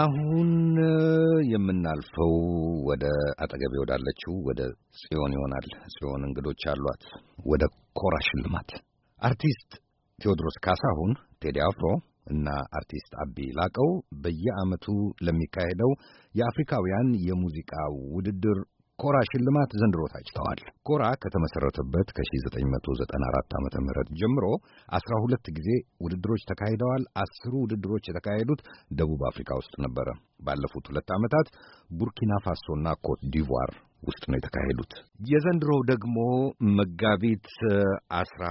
አሁን የምናልፈው ወደ አጠገቤ ወዳለችው ወደ ጽዮን ይሆናል። ጽዮን እንግዶች አሏት። ወደ ኮራ ሽልማት አርቲስት ቴዎድሮስ ካሳሁን ቴዲ አፍሮ እና አርቲስት አቢ ላቀው በየዓመቱ ለሚካሄደው የአፍሪካውያን የሙዚቃ ውድድር ኮራ ሽልማት ዘንድሮ ታጭተዋል። ኮራ ከተመሠረተበት ከ1994 ዓ ም ጀምሮ 12 ጊዜ ውድድሮች ተካሂደዋል። አስሩ ውድድሮች የተካሄዱት ደቡብ አፍሪካ ውስጥ ነበረ። ባለፉት ሁለት ዓመታት ቡርኪና ፋሶና ኮት ዲቯር ውስጥ ነው የተካሄዱት። የዘንድሮው ደግሞ መጋቢት አስራ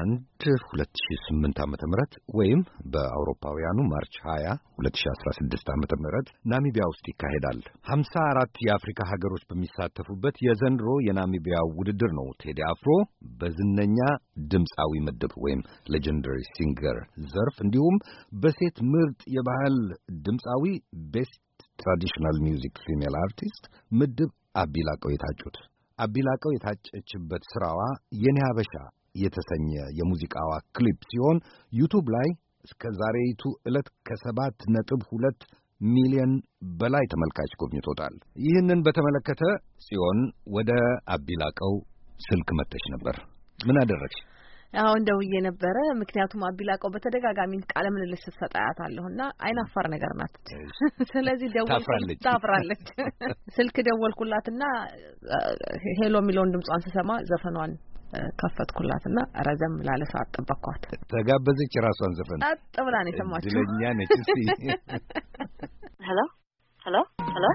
አንድ ሁለት ሺ ስምንት ዓመተ ምህረት ወይም በአውሮፓውያኑ ማርች ሀያ ሁለት ሺ አስራ ስድስት ዓመተ ምህረት ናሚቢያ ውስጥ ይካሄዳል። ሀምሳ አራት የአፍሪካ ሀገሮች በሚሳተፉበት የዘንድሮ የናሚቢያ ውድድር ነው ቴዲ አፍሮ በዝነኛ ድምፃዊ ምድብ ወይም ሌጀንደሪ ሲንገር ዘርፍ እንዲሁም በሴት ምርጥ የባህል ድምፃዊ ቤስት ትራዲሽናል ሚውዚክ ፊሜል አርቲስት ምድብ አቢላቀው የታጩት። አቢላቀው የታጨችበት ስራዋ የኔ ሀበሻ የተሰኘ የሙዚቃዋ ክሊፕ ሲሆን ዩቱብ ላይ እስከ ዛሬይቱ ዕለት ከሰባት ነጥብ ሁለት ሚሊዮን በላይ ተመልካች ጎብኝቶታል። ይህንን በተመለከተ ሲሆን ወደ አቢላቀው ስልክ መጥተሽ ነበር። ምን አደረግሽ? አሁን ደውዬ ነበረ። ምክንያቱም አቢላቀው በተደጋጋሚ ቃለ ምልልስ ስትሰጥ አያታለሁ እና አይናፋር ነገር ናት። ስለዚህ ደወልኩ፣ ታፍራለች። ስልክ ደወልኩላትና ሄሎ የሚለውን ድምጿን ስሰማ ዘፈኗን ከፈትኩላትና ረዘም ላለ ሰዓት ጠበቅኳት። ተጋበዘች። ራሷን ዘፈን ጸጥ ብላ ነው የሰማችው። ድለኛ ነች። ሄሎ ሄሎ ሄሎ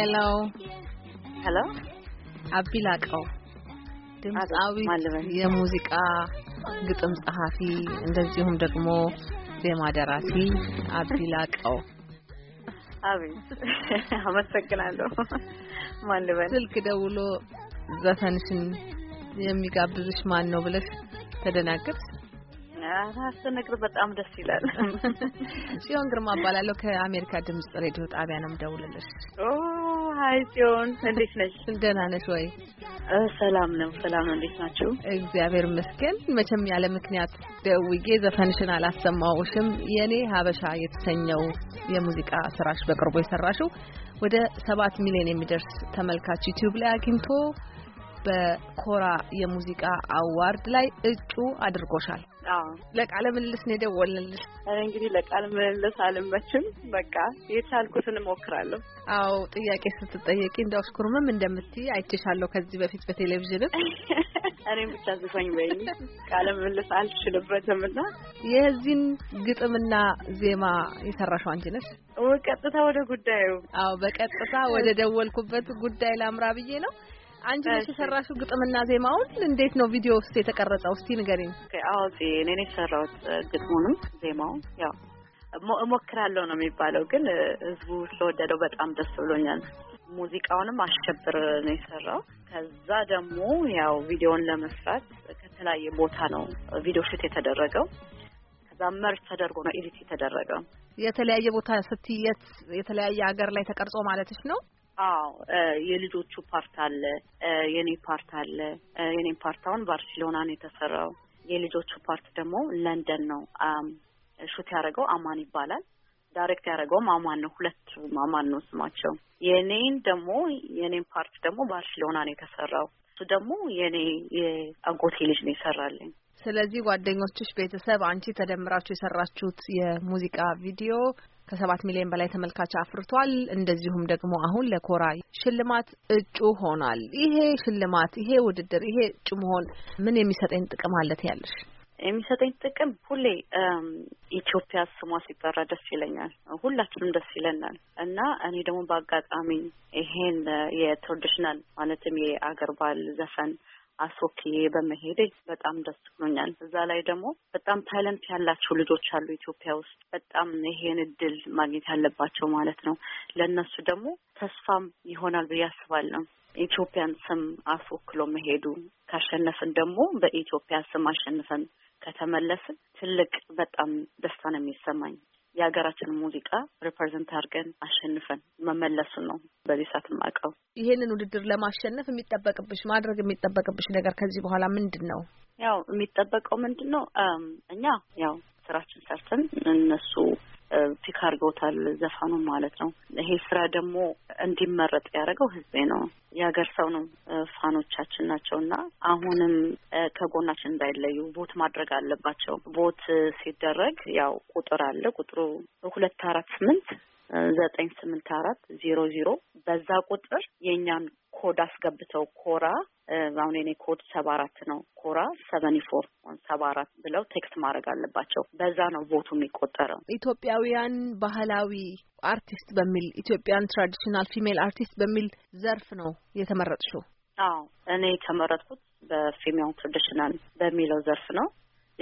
ሄሎ ሄሎ አቢላቀው ድምፃዊት፣ የሙዚቃ ግጥም ጸሐፊ፣ እንደዚሁም ደግሞ ዜማ ደራሲ አቢላቀው አቤት፣ አመሰግናለሁ። ማን ልበል? ስልክ ደውሎ ዘፈንሽን የሚጋብዝሽ ማን ነው ብለሽ ተደናገጥሽ? ስነግር በጣም ደስ ይላል። ጽዮን ግርማ እባላለሁ ከአሜሪካ ድምጽ ሬዲዮ ጣቢያ ነው የምደውልልሽ። ኦ ሀይ ጽዮን፣ እንዴት ነሽ? ደህና ነሽ ወይ? ሰላም ነው፣ ሰላም ነው። እንዴት ናችሁ? እግዚአብሔር ይመስገን። መቼም ያለ ምክንያት ደውዬ ዘፈንሽን አላሰማውሽም። የኔ ሀበሻ የተሰኘው የሙዚቃ ስራሽ በቅርቡ የሰራሽው ወደ ሰባት ሚሊዮን የሚደርስ ተመልካች ዩቲዩብ ላይ አግኝቶ በኮራ የሙዚቃ አዋርድ ላይ እጩ አድርጎሻል። ለቃለ ምልልስ ነው የደወልንልሽ። እንግዲህ ለቃለ ምልልስ አልመችም፣ በቃ የቻልኩትን እሞክራለሁ። አዎ ጥያቄ ስትጠየቂ እንደ ሽኩርምም እንደምትይ አይቼሻለሁ ከዚህ በፊት በቴሌቪዥንም። እኔም ብቻ ዝፈኝ በይ ቃለ ምልልስ አልችልበትም። እና የዚህን ግጥምና ዜማ የሰራሽው አንቺ ነሽ? ቀጥታ ወደ ጉዳዩ? አዎ በቀጥታ ወደ ደወልኩበት ጉዳይ ላምራ ብዬ ነው። አንቺ ነሽ የሰራሽው ግጥምና ዜማውን? እንዴት ነው ቪዲዮ ውስጥ የተቀረጸው? እስቲ ንገሪኝ። አዎ እኔ ነኝ የሰራሁት ግጥሙንም ዜማውን። ያው እሞክራለሁ ነው የሚባለው፣ ግን ህዝቡ ስለወደደው በጣም ደስ ብሎኛል። ሙዚቃውንም አሸብር ነው የሰራው። ከዛ ደግሞ ያው ቪዲዮውን ለመስራት ከተለያየ ቦታ ነው ቪዲዮ ሽት የተደረገው። ከዛ መርጅ ተደርጎ ነው ኤዲት የተደረገው። የተለያየ ቦታ ስትየት የተለያየ ሀገር ላይ ተቀርጾ ማለትሽ ነው? አዎ የልጆቹ ፓርት አለ፣ የኔ ፓርት አለ። የኔ ፓርት አሁን ባርሴሎና ነው የተሰራው። የልጆቹ ፓርት ደግሞ ለንደን ነው ሹት ያደረገው አማን ይባላል። ዳይሬክት ያደረገውም አማን ነው። ሁለቱም አማን ነው ስማቸው። የኔን ደግሞ የኔን ፓርት ደግሞ ባርሴሎና ነው የተሰራው። እሱ ደግሞ የኔ የአጎቴ ልጅ ነው ይሰራልኝ። ስለዚህ ጓደኞችሽ፣ ቤተሰብ፣ አንቺ ተደምራችሁ የሰራችሁት የሙዚቃ ቪዲዮ ከሰባት ሚሊዮን በላይ ተመልካች አፍርቷል። እንደዚሁም ደግሞ አሁን ለኮራ ሽልማት እጩ ሆኗል። ይሄ ሽልማት፣ ይሄ ውድድር፣ ይሄ እጩ መሆን ምን የሚሰጠኝ ጥቅም አለት ያለሽ? የሚሰጠኝ ጥቅም ሁሌ ኢትዮጵያ ስሟ ሲጠራ ደስ ይለኛል። ሁላችንም ደስ ይለናል እና እኔ ደግሞ በአጋጣሚ ይሄን የትራዲሽናል ማለትም የአገር ባህል ዘፈን አስወኬ በመሄዴ በጣም ደስ ብሎኛል። እዛ ላይ ደግሞ በጣም ታይለንት ያላቸው ልጆች አሉ ኢትዮጵያ ውስጥ በጣም ይሄን እድል ማግኘት ያለባቸው ማለት ነው። ለእነሱ ደግሞ ተስፋም ይሆናል ብዬ አስባለሁ። ኢትዮጵያን ስም አስወክሎ መሄዱ ካሸነፍን ደግሞ በኢትዮጵያ ስም አሸንፈን ከተመለስን ትልቅ በጣም ደስታ ነው የሚሰማኝ። የሀገራችን ሙዚቃ ሪፕሬዘንት አድርገን አሸንፈን መመለሱን ነው በዚህ ሰዓት ማቀው። ይህንን ውድድር ለማሸነፍ የሚጠበቅብሽ ማድረግ የሚጠበቅብሽ ነገር ከዚህ በኋላ ምንድን ነው? ያው የሚጠበቀው ምንድን ነው? እኛ ያው ስራችን ሰርተን እነሱ ፒክ አድርገውታል ዘፋኑን ማለት ነው። ይሄ ስራ ደግሞ እንዲመረጥ ያደረገው ህዝቤ ነው፣ የሀገር ሰው ነው፣ ፋኖቻችን ናቸው እና አሁንም ከጎናችን እንዳይለዩ ቦት ማድረግ አለባቸው። ቦት ሲደረግ ያው ቁጥር አለ። ቁጥሩ ሁለት አራት ስምንት ዘጠኝ ስምንት አራት ዜሮ ዜሮ በዛ ቁጥር የእኛን ኮድ አስገብተው ኮራ አሁን የኔ ኮድ ሰባ አራት ነው። ኮራ ሰቨኒ ፎር ሰባ አራት ብለው ቴክስት ማድረግ አለባቸው። በዛ ነው ቦቱ የሚቆጠረው። ኢትዮጵያውያን ባህላዊ አርቲስት በሚል ኢትዮጵያን ትራዲሽናል ፊሜል አርቲስት በሚል ዘርፍ ነው የተመረጥሽው? አዎ እኔ የተመረጥኩት በፊሜል ትራዲሽናል በሚለው ዘርፍ ነው።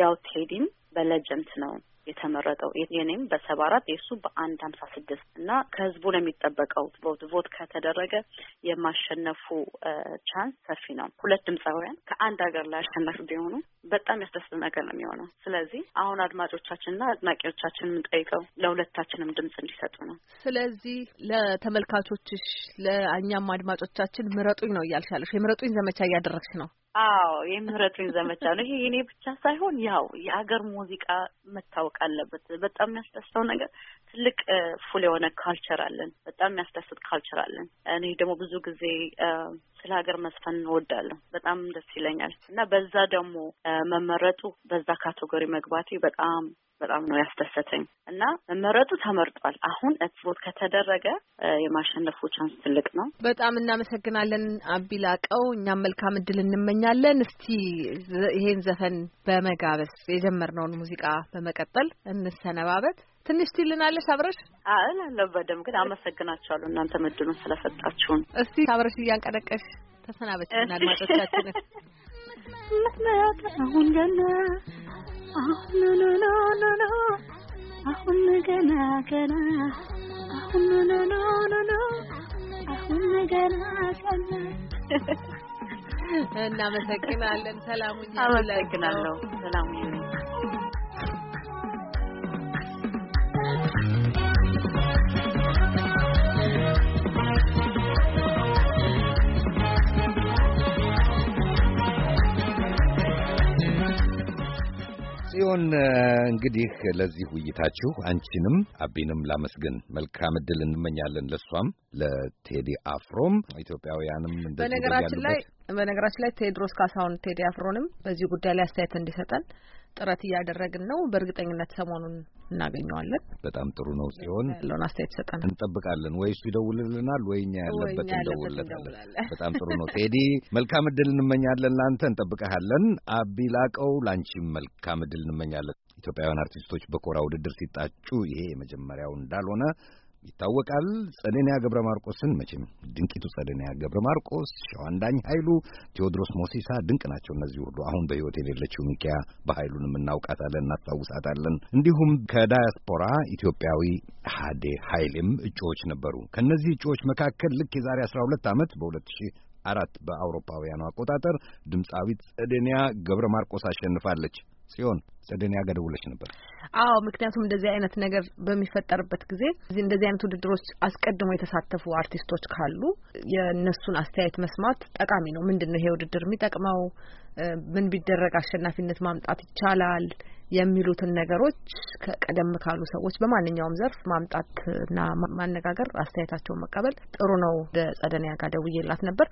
ያው ቴዲም በሌጀንት ነው የተመረጠው። የኔም በሰባ አራት የእሱ በአንድ ሀምሳ ስድስት እና ከህዝቡ የሚጠበቀው ቮት ቮት ከተደረገ የማሸነፉ ቻንስ ሰፊ ነው። ሁለት ድምፃውያን ከአንድ ሀገር ላይ አሸናፊ ቢሆኑ በጣም ያስደስት ነገር ነው የሚሆነው። ስለዚህ አሁን አድማጮቻችንና አድናቂዎቻችን የምንጠይቀው ለሁለታችንም ድምጽ እንዲሰጡ ነው። ስለዚህ ለተመልካቾችሽ ለእኛም አድማጮቻችን ምረጡኝ ነው እያልሻለሽ፣ የምረጡኝ ዘመቻ እያደረግሽ ነው። አዎ የምህረቱኝ ዘመቻ ነው ይሄ። እኔ ብቻ ሳይሆን ያው የሀገር ሙዚቃ መታወቅ አለበት። በጣም የሚያስደስተው ነገር ትልቅ ፉል የሆነ ካልቸር አለን። በጣም የሚያስደስት ካልቸር አለን። እኔ ደግሞ ብዙ ጊዜ ስለ ሀገር መስፈን እንወዳለን። በጣም ደስ ይለኛል እና በዛ ደግሞ መመረጡ በዛ ካቴጎሪ መግባቴ በጣም በጣም ነው ያስደሰተኝ እና መመረጡ ተመርጧል። አሁን ኤክስፖርት ከተደረገ የማሸነፉ ቻንስ ትልቅ ነው። በጣም እናመሰግናለን አቢላቀው። እኛም መልካም እድል እንመኛለን። እስቲ ይሄን ዘፈን በመጋበስ የጀመርነውን ሙዚቃ በመቀጠል እንሰነባበት። ትንሽ ትልናለሽ አብረሽ እላለሁ። በደምብ ግን አመሰግናችኋለሁ እናንተ እድሉን ስለሰጣችሁን። እስቲ አብረሽ እያንቀደቀሽ ተሰናበች አድማጮቻችን አሁን ገና አሁን አሁን ገና ገና አሁን ኖ ኖ ኖ አሁን ገና ገና እናመሰግናለን። ሰላሙ አመሰግናለሁ። ሰላሙ ጽዮን፣ እንግዲህ ለዚህ ውይይታችሁ አንቺንም አቢንም ላመስግን። መልካም እድል እንመኛለን ለእሷም ለቴዲ አፍሮም ኢትዮጵያውያንም በነገራችን ላይ በነገራችን ላይ ቴድሮስ ካሳሁን ቴዲ አፍሮንም በዚህ ጉዳይ ላይ አስተያየት እንዲሰጠን ጥረት እያደረግን ነው። በእርግጠኝነት ሰሞኑን እናገኘዋለን። በጣም ጥሩ ነው። ሲሆን ለሆን አስተያየት ሰጠን እንጠብቃለን። ወይ እሱ ይደውልልናል ወይ እኛ ያለበት እንደውልለታለን። በጣም ጥሩ ነው ቴዲ፣ መልካም እድል እንመኛለን። ለአንተ እንጠብቀሃለን። አቢላቀው ለአንቺም መልካም እድል እንመኛለን። ኢትዮጵያውያን አርቲስቶች በኮራ ውድድር ሲጣጩ ይሄ የመጀመሪያው እንዳልሆነ ይታወቃል። ጸደንያ ገብረ ማርቆስን መቼም ድንቂቱ ጸደንያ ገብረ ማርቆስ፣ ሸዋንዳኝ ኃይሉ፣ ቴዎድሮስ ሞሲሳ ድንቅ ናቸው። እነዚህ ሁሉ አሁን በሕይወት የሌለችው ሚኪያ በኃይሉን እናውቃታለን፣ እናስታውሳታለን። እንዲሁም ከዳያስፖራ ኢትዮጵያዊ ሀዴ ኃይሌም እጩዎች ነበሩ። ከእነዚህ እጩዎች መካከል ልክ የዛሬ አስራ ሁለት ዓመት በሁለት ሺህ አራት በአውሮፓውያኑ አቆጣጠር ድምፃዊት ጸደንያ ገብረ ማርቆስ አሸንፋለች። ጽዮን ጸደን ያገር ነበር። አዎ ምክንያቱም እንደዚህ አይነት ነገር በሚፈጠርበት ጊዜ እንደዚህ አይነት ውድድሮች አስቀድሞ የተሳተፉ አርቲስቶች ካሉ የእነሱን አስተያየት መስማት ጠቃሚ ነው። ምንድን ነው ይሄ ውድድር የሚጠቅመው? ምን ቢደረግ አሸናፊነት ማምጣት ይቻላል? የሚሉትን ነገሮች ከቀደም ካሉ ሰዎች በማንኛውም ዘርፍ ማምጣትና ማነጋገር፣ አስተያየታቸውን መቀበል ጥሩ ነው። ወደ ጸደንያ ጋር ደውዬላት ነበር።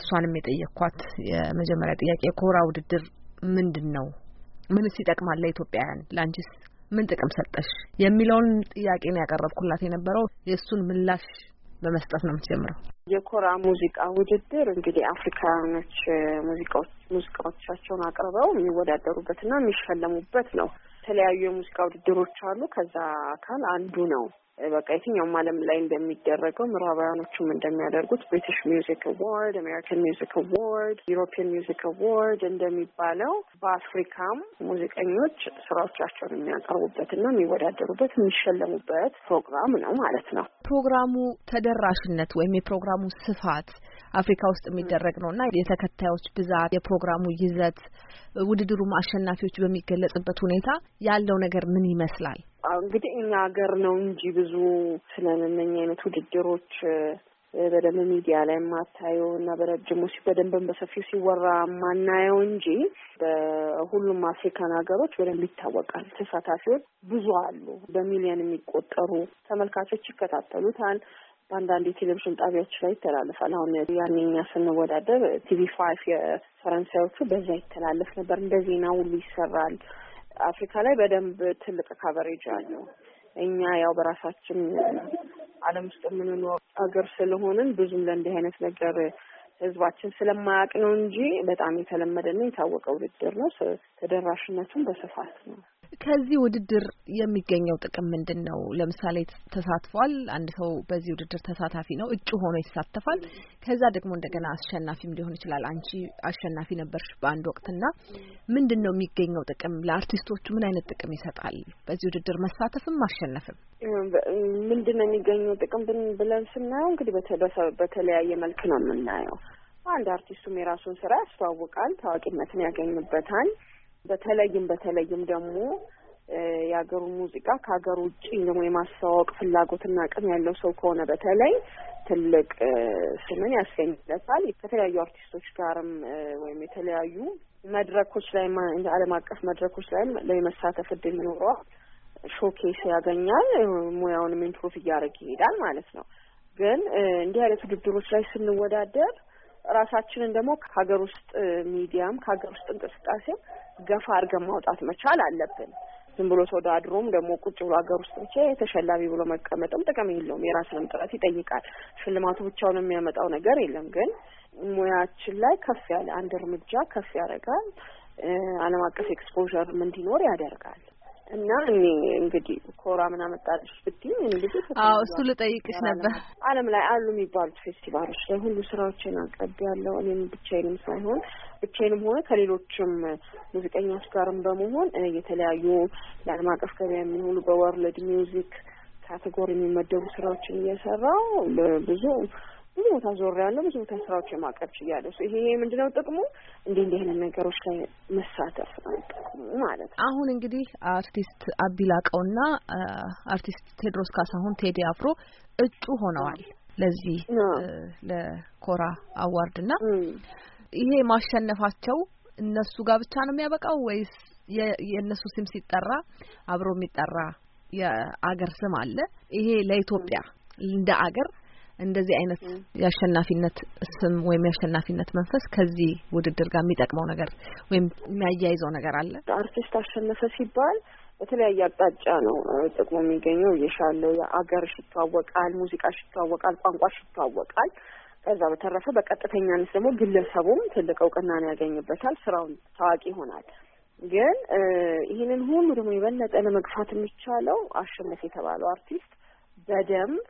እሷንም የጠየቅኳት የመጀመሪያ ጥያቄ የኮራ ውድድር ምንድን ነው ምንስ ይጠቅማል ለኢትዮጵያውያን ለአንቺስ ምን ጥቅም ሰጠሽ የሚለውን ጥያቄ ነው ያቀረብኩላት የነበረው። የእሱን ምላሽ በመስጠት ነው የምትጀምረው። የኮራ ሙዚቃ ውድድር እንግዲህ አፍሪካኖች ሙዚቃዎች ሙዚቃዎቻቸውን አቅርበው የሚወዳደሩበትና የሚሸለሙበት ነው። የተለያዩ የሙዚቃ ውድድሮች አሉ። ከዛ አካል አንዱ ነው በቃ የትኛውም ዓለም ላይ እንደሚደረገው ምዕራባውያኖቹም እንደሚያደርጉት ብሪቲሽ ሚውዚክ አዋርድ፣ አሜሪካን ሚውዚክ አዋርድ፣ ዩሮፒያን ሚውዚክ አዋርድ እንደሚባለው በአፍሪካም ሙዚቀኞች ስራዎቻቸውን የሚያቀርቡበትና የሚወዳደሩበት የሚሸለሙበት ፕሮግራም ነው ማለት ነው። ፕሮግራሙ ተደራሽነት ወይም የፕሮግራሙ ስፋት አፍሪካ ውስጥ የሚደረግ ነው እና የተከታዮች ብዛት፣ የፕሮግራሙ ይዘት፣ ውድድሩም አሸናፊዎች በሚገለጽበት ሁኔታ ያለው ነገር ምን ይመስላል? እንግዲህ እኛ ሀገር ነው እንጂ ብዙ ስለነኛ አይነት ውድድሮች በደንብ ሚዲያ ላይ የማታየው እና በረጅሙ በደንብም በሰፊው ሲወራ ማናየው እንጂ በሁሉም አፍሪካን ሀገሮች በደንብ ይታወቃል። ተሳታፊዎች ብዙ አሉ። በሚሊዮን የሚቆጠሩ ተመልካቾች ይከታተሉታል። በአንዳንድ የቴሌቪዥን ጣቢያዎች ላይ ይተላለፋል። አሁን ያኔ ስንወዳደር ቲቪ ፋይፍ የፈረንሳዮቹ በዛ ይተላለፍ ነበር። እንደ ዜና ሁሉ ይሰራል። አፍሪካ ላይ በደንብ ትልቅ ካቨሬጅ አለው። እኛ ያው በራሳችን ዓለም ውስጥ የምንኖር አገር ስለሆንን ብዙም ለእንዲህ አይነት ነገር ህዝባችን ስለማያውቅ ነው እንጂ በጣም የተለመደና የታወቀ ውድድር ነው። ተደራሽነቱን በስፋት ነው። ከዚህ ውድድር የሚገኘው ጥቅም ምንድን ነው? ለምሳሌ ተሳትፏል። አንድ ሰው በዚህ ውድድር ተሳታፊ ነው፣ እጩ ሆኖ ይሳተፋል። ከዛ ደግሞ እንደገና አሸናፊም ሊሆን ይችላል። አንቺ አሸናፊ ነበርሽ በአንድ ወቅትና ምንድን ነው የሚገኘው ጥቅም? ለአርቲስቶቹ ምን አይነት ጥቅም ይሰጣል በዚህ ውድድር መሳተፍም አሸነፍም? ምንድን ነው የሚገኘው ጥቅም ብለን ስናየው እንግዲህ በተለያየ መልክ ነው የምናየው። አንድ አርቲስቱም የራሱን ስራ ያስተዋውቃል፣ ታዋቂነትን ያገኝበታል። በተለይም በተለይም ደግሞ የሀገሩ ሙዚቃ ከሀገር ውጭ ደግሞ የማስተዋወቅ ፍላጎትና አቅም ያለው ሰው ከሆነ በተለይ ትልቅ ስምን ያስገኝለታል። ከተለያዩ አርቲስቶች ጋርም ወይም የተለያዩ መድረኮች ላይ ዓለም አቀፍ መድረኮች ላይ ለመሳተፍ እድል ይኖረዋል። ሾኬስ ያገኛል። ሙያውንም ኢምፕሩቭ እያደረግ ይሄዳል ማለት ነው። ግን እንዲህ አይነት ውድድሮች ላይ ስንወዳደር ራሳችንን ደግሞ ከሀገር ውስጥ ሚዲያም ከሀገር ውስጥ እንቅስቃሴም ገፋ አድርገን ማውጣት መቻል አለብን። ዝም ብሎ ተወዳድሮም ደግሞ ቁጭ ብሎ ሀገር ውስጥ ብቻ ተሸላሚ ብሎ መቀመጥም ጥቅም የለውም። የራስንም ጥረት ይጠይቃል። ሽልማቱ ብቻውን የሚያመጣው ነገር የለም። ግን ሙያችን ላይ ከፍ ያለ አንድ እርምጃ ከፍ ያደርጋል። ዓለም አቀፍ ኤክስፖዠርም እንዲኖር ያደርጋል። እና እኔ እንግዲህ ኮራ ምን አመጣልሽ ብትይኝ እንግዲህ አዎ እሱ ልጠይቅሽ ነበር። ዓለም ላይ አሉ የሚባሉት ፌስቲቫሎች ላይ ሁሉ ስራዎችን አቅርብ ያለው እኔም ብቻዬንም ሳይሆን ብቻዬንም ሆነ ከሌሎችም ሙዚቀኞች ጋርም በመሆን የተለያዩ ለዓለም አቀፍ ገበያ የሚሆኑ በወርልድ ሚውዚክ ካቴጎሪ የሚመደቡ ስራዎችን እየሰራው ብዙ ብዙ ቦታ ዞር ያለው ብዙ ቦታ ስራዎች የማቀርብ ችያለሁ። ይሄ ምንድነው ጥቅሙ? እንዲህ እንዲህ አይነት ነገሮች ላይ መሳተፍ ማለት ነው። አሁን እንግዲህ አርቲስት አቢላቀውና አርቲስት ቴድሮስ ካሳሁን ቴዲ አፍሮ እጩ ሆነዋል ለዚህ ለኮራ አዋርድ እና ይሄ ማሸነፋቸው እነሱ ጋር ብቻ ነው የሚያበቃው ወይስ የእነሱ ስም ሲጠራ አብሮ የሚጠራ የአገር ስም አለ? ይሄ ለኢትዮጵያ እንደ አገር እንደዚህ አይነት የአሸናፊነት ስም ወይም የአሸናፊነት መንፈስ ከዚህ ውድድር ጋር የሚጠቅመው ነገር ወይም የሚያያይዘው ነገር አለ? አርቲስት አሸነፈ ሲባል በተለያየ አቅጣጫ ነው ጥቅሙ የሚገኘው። የሻለ የአገርሽ ይተዋወቃል፣ ሙዚቃሽ ይተዋወቃል፣ ቋንቋሽ ይተዋወቃል። ከዛ በተረፈ በቀጥተኛነት ደግሞ ግለሰቡም ትልቅ እውቅናን ያገኝበታል፣ ስራውን ታዋቂ ይሆናል። ግን ይህንን ሁሉ ደግሞ የበለጠ ለመግፋት የሚቻለው አሸነፍ የተባለው አርቲስት በደንብ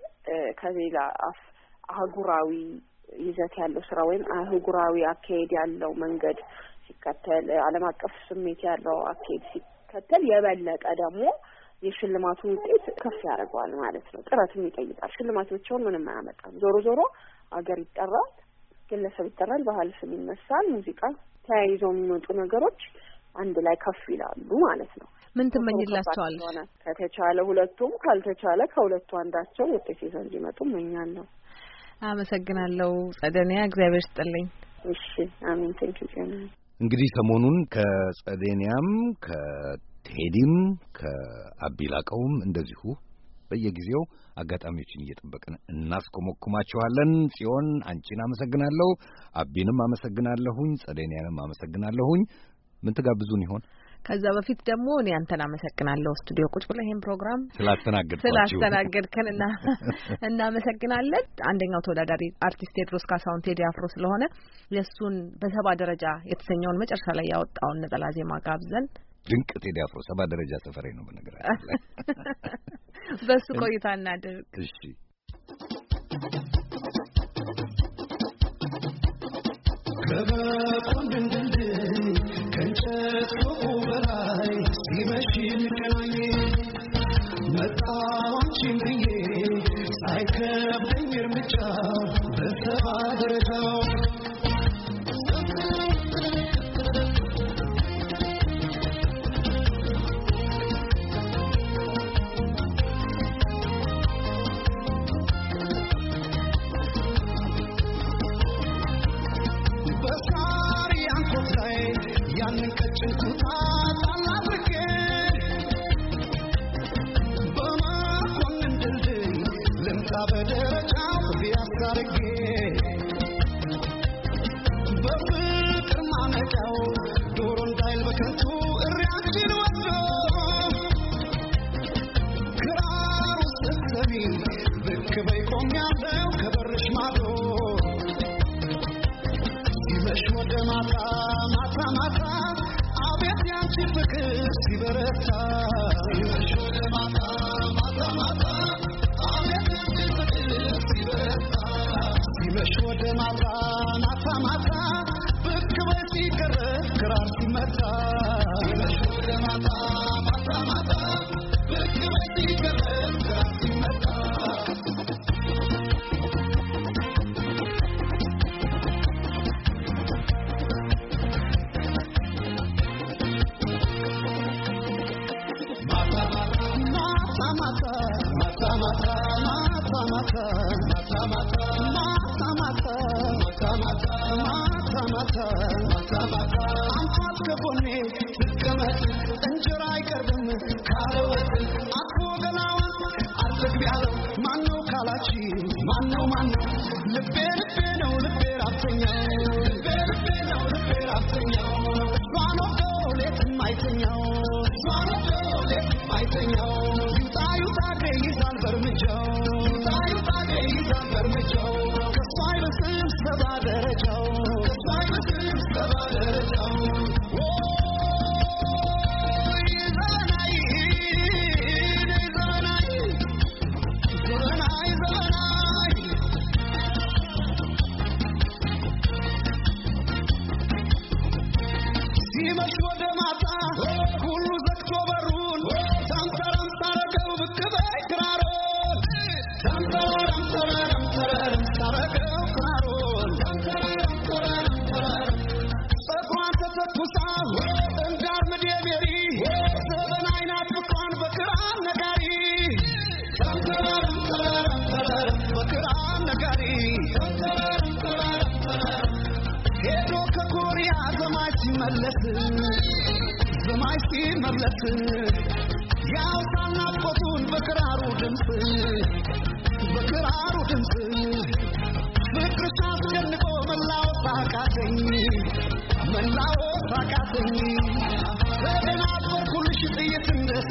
ከሌላ አህጉራዊ ይዘት ያለው ስራ ወይም አህጉራዊ አካሄድ ያለው መንገድ ሲከተል ዓለም አቀፍ ስሜት ያለው አካሄድ ሲከተል የበለጠ ደግሞ የሽልማቱ ውጤት ከፍ ያደርገዋል ማለት ነው። ጥረትም ይጠይቃል። ሽልማት ብቻውን ምንም አያመጣም። ዞሮ ዞሮ አገር ይጠራል፣ ግለሰብ ይጠራል፣ ባህል ስም ይነሳል፣ ሙዚቃ ተያይዘው የሚመጡ ነገሮች አንድ ላይ ከፍ ይላሉ ማለት ነው። ምን ትመኝላቸዋለህ? ከተቻለ ሁለቱም፣ ካልተቻለ ከሁለቱ አንዳቸው ውጤት ይዘው እንዲመጡ እመኛለሁ። አመሰግናለሁ ጸደኒያ፣ እግዚአብሔር ስጥልኝ። እሺ፣ አሜን። ቴንኪ እንግዲህ ሰሞኑን ከጸደኒያም ከቴዲም ከአቢላቀውም እንደዚሁ በየጊዜው አጋጣሚዎችን እየጠበቅን እናስኮመኩማችኋለን። ጽዮን አንቺን አመሰግናለሁ፣ አቢንም አመሰግናለሁኝ፣ ጸደኒያንም አመሰግናለሁኝ። ምን ትጋብዙን ይሆን? ከዛ በፊት ደግሞ እኔ አንተን አመሰግናለሁ። ስቱዲዮ ቁጭ ብለህ ይሄን ፕሮግራም ስላስተናገድኩ ስላስተናገድከን እና እናመሰግናለን። አንደኛው ተወዳዳሪ አርቲስት ቴድሮስ ካሳሁን ቴዲ አፍሮ ስለሆነ የእሱን በሰባ ደረጃ የተሰኘውን መጨረሻ ላይ ያወጣውን ነጠላ ዜማ ጋብዘን ድንቅ ቴዲ አፍሮ ሰባ ደረጃ ሰፈሬ ነው በነገራችን ላይ በሱ ቆይታ እናድርግ። እሺ Come I could. nothing home.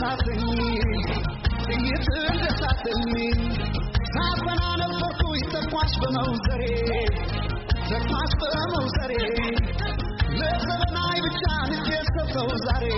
እንዳሳተኝ ጥይት እንደሳተኝ ሳፈና ነበርኩኝ ተኳሽ በመውዘሬ ተኳሽ ዛሬ